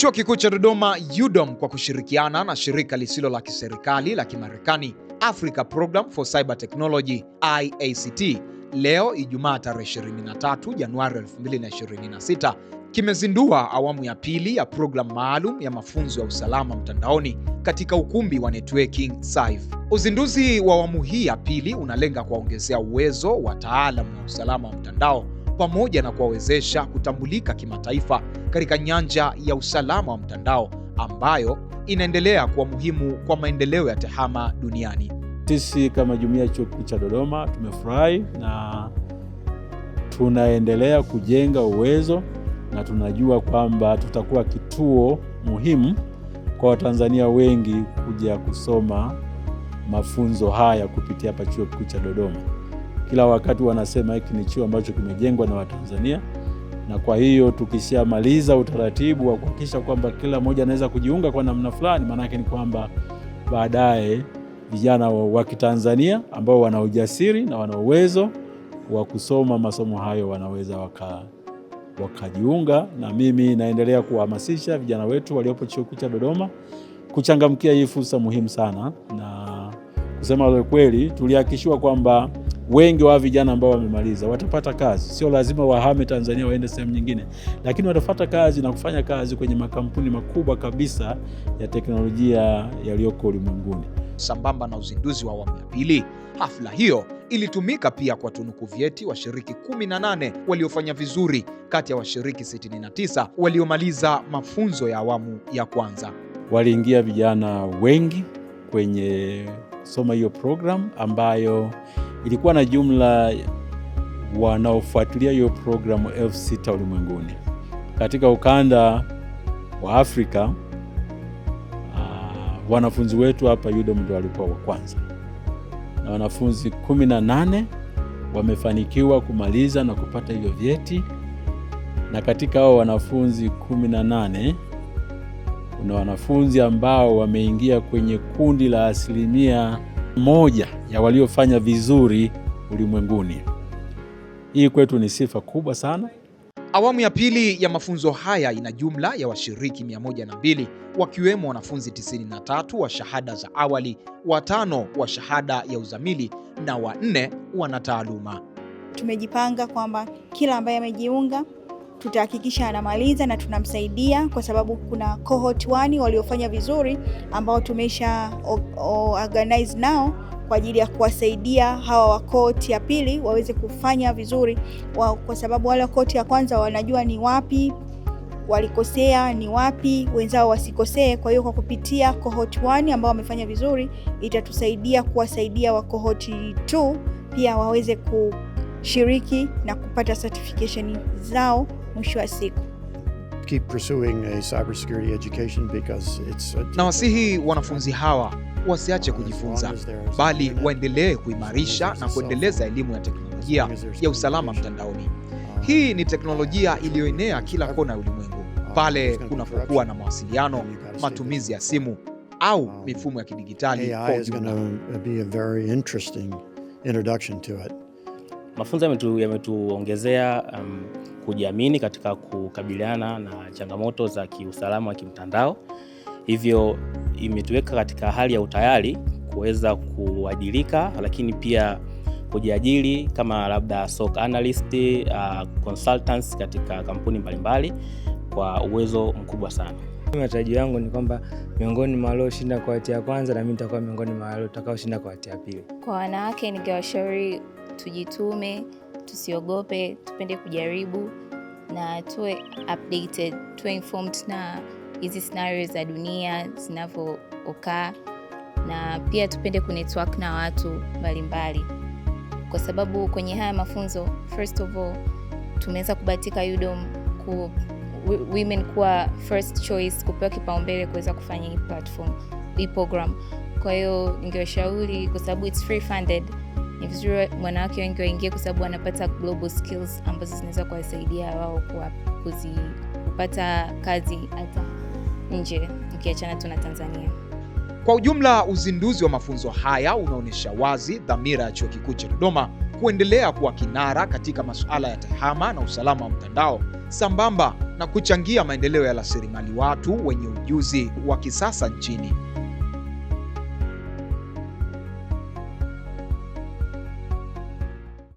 Chuo Kikuu cha Dodoma UDOM kwa kushirikiana na shirika lisilo la kiserikali la Kimarekani Africa Program for Cyber Technology IACT leo Ijumaa tarehe 23 Januari 2026 kimezindua awamu ya pili ya programu maalum ya mafunzo ya usalama mtandaoni katika ukumbi wa networking sife Uzinduzi wa awamu hii ya pili unalenga kuwaongezea uwezo wa taalam wa usalama wa mtandao pamoja na kuwawezesha kutambulika kimataifa katika nyanja ya usalama wa mtandao ambayo inaendelea kuwa muhimu kwa maendeleo ya TEHAMA duniani. Sisi kama jumuiya ya Chuo Kikuu cha Dodoma tumefurahi na tunaendelea kujenga uwezo na tunajua kwamba tutakuwa kituo muhimu kwa Watanzania wengi kuja kusoma mafunzo haya kupitia hapa Chuo Kikuu cha Dodoma. Kila wakati wanasema hiki ni chuo ambacho kimejengwa na Watanzania, na kwa hiyo tukishamaliza utaratibu wa kuhakikisha kwamba kila mmoja anaweza kujiunga kwa namna fulani, maanake ni kwamba baadaye vijana wa Kitanzania ambao wana ujasiri na wana uwezo wa kusoma masomo hayo wanaweza waka wakajiunga na mimi naendelea kuwahamasisha vijana wetu waliopo Chuo Kikuu cha Dodoma kuchangamkia hii fursa muhimu sana, na kusema kweli tulihakikishiwa kwamba wengi wa vijana ambao wamemaliza watapata kazi, sio lazima wahame Tanzania waende sehemu nyingine, lakini watapata kazi na kufanya kazi kwenye makampuni makubwa kabisa ya teknolojia yaliyoko ulimwenguni. Sambamba na uzinduzi wa awamu ya pili, hafla hiyo ilitumika pia kwa tunuku vyeti washiriki 18 waliofanya vizuri kati ya washiriki 69 waliomaliza mafunzo ya awamu ya kwanza. Waliingia vijana wengi kwenye soma hiyo programu ambayo Ilikuwa na jumla wanaofuatilia hiyo programu elfu sita ulimwenguni. Katika ukanda wa Afrika, uh, wanafunzi wetu hapa UDOM ndio walikuwa wa kwanza, na wanafunzi kumi na nane wamefanikiwa kumaliza na kupata hivyo vyeti, na katika hao wanafunzi kumi na nane kuna wanafunzi ambao wameingia kwenye kundi la asilimia moja ya waliofanya vizuri ulimwenguni. Hii kwetu ni sifa kubwa sana. Awamu ya pili ya mafunzo haya ina jumla ya washiriki 102 wakiwemo wanafunzi 93 wa shahada za awali, watano wa shahada ya uzamili na wanne wanataaluma. Tumejipanga kwamba kila ambaye amejiunga tutahakikisha anamaliza na tunamsaidia, kwa sababu kuna cohort 1 waliofanya vizuri ambao tumesha organize nao kwa ajili ya kuwasaidia hawa wa cohort ya pili waweze kufanya vizuri wa, kwa sababu wale wa cohort ya kwanza wanajua ni wapi walikosea ni wapi wenzao wasikosee. Kwa hiyo kwa kupitia cohort 1 ambao wamefanya vizuri, itatusaidia kuwasaidia wa cohort 2 pia waweze kushiriki na kupata certification zao mwisho wa siku. Keep pursuing a cybersecurity education because it's a... na wasihi wanafunzi hawa wasiache kujifunza, bali waendelee kuimarisha na kuendeleza elimu ya teknolojia ya usalama mtandaoni. Hii ni teknolojia iliyoenea kila kona ya ulimwengu pale kunapokuwa na mawasiliano, matumizi ya simu au um, mifumo ya kidijitali kwa ujumla. Mafunzo yametuongezea um, kujiamini katika kukabiliana na changamoto za kiusalama wa kimtandao, hivyo imetuweka katika hali ya utayari kuweza kuajirika, lakini pia kujiajiri kama labda SOC analyst, uh, consultants katika kampuni mbalimbali kwa uwezo mkubwa sana. Matarajio yangu ni kwamba miongoni mwa walioshinda kwa hati ya kwanza, na mimi nitakuwa miongoni mwa watakaoshinda kwa hati ya pili. Kwa wanawake ningewashauri tujitume, tusiogope, tupende kujaribu na tuwe updated, tuwe informed na hizi scenario za dunia zinavyokaa, na pia tupende kunetwork na watu mbalimbali, kwa sababu kwenye haya mafunzo first of all tumeweza kubatika UDOM ku women kuwa first choice, kupewa kipaumbele kuweza kufanya hii platform hii program. Kwa hiyo ningewashauri kwa sababu it's free funded ni vizuri wanawake wengi waingie, kwa sababu wanapata global skills ambazo zinaweza kuwasaidia wao kuzipata kazi hata nje, ukiachana tu na Tanzania. Kwa ujumla, uzinduzi wa mafunzo haya unaonyesha wazi dhamira ya Chuo Kikuu cha Dodoma kuendelea kuwa kinara katika masuala ya tehama na usalama wa mtandao sambamba na kuchangia maendeleo ya rasilimali watu wenye ujuzi wa kisasa nchini.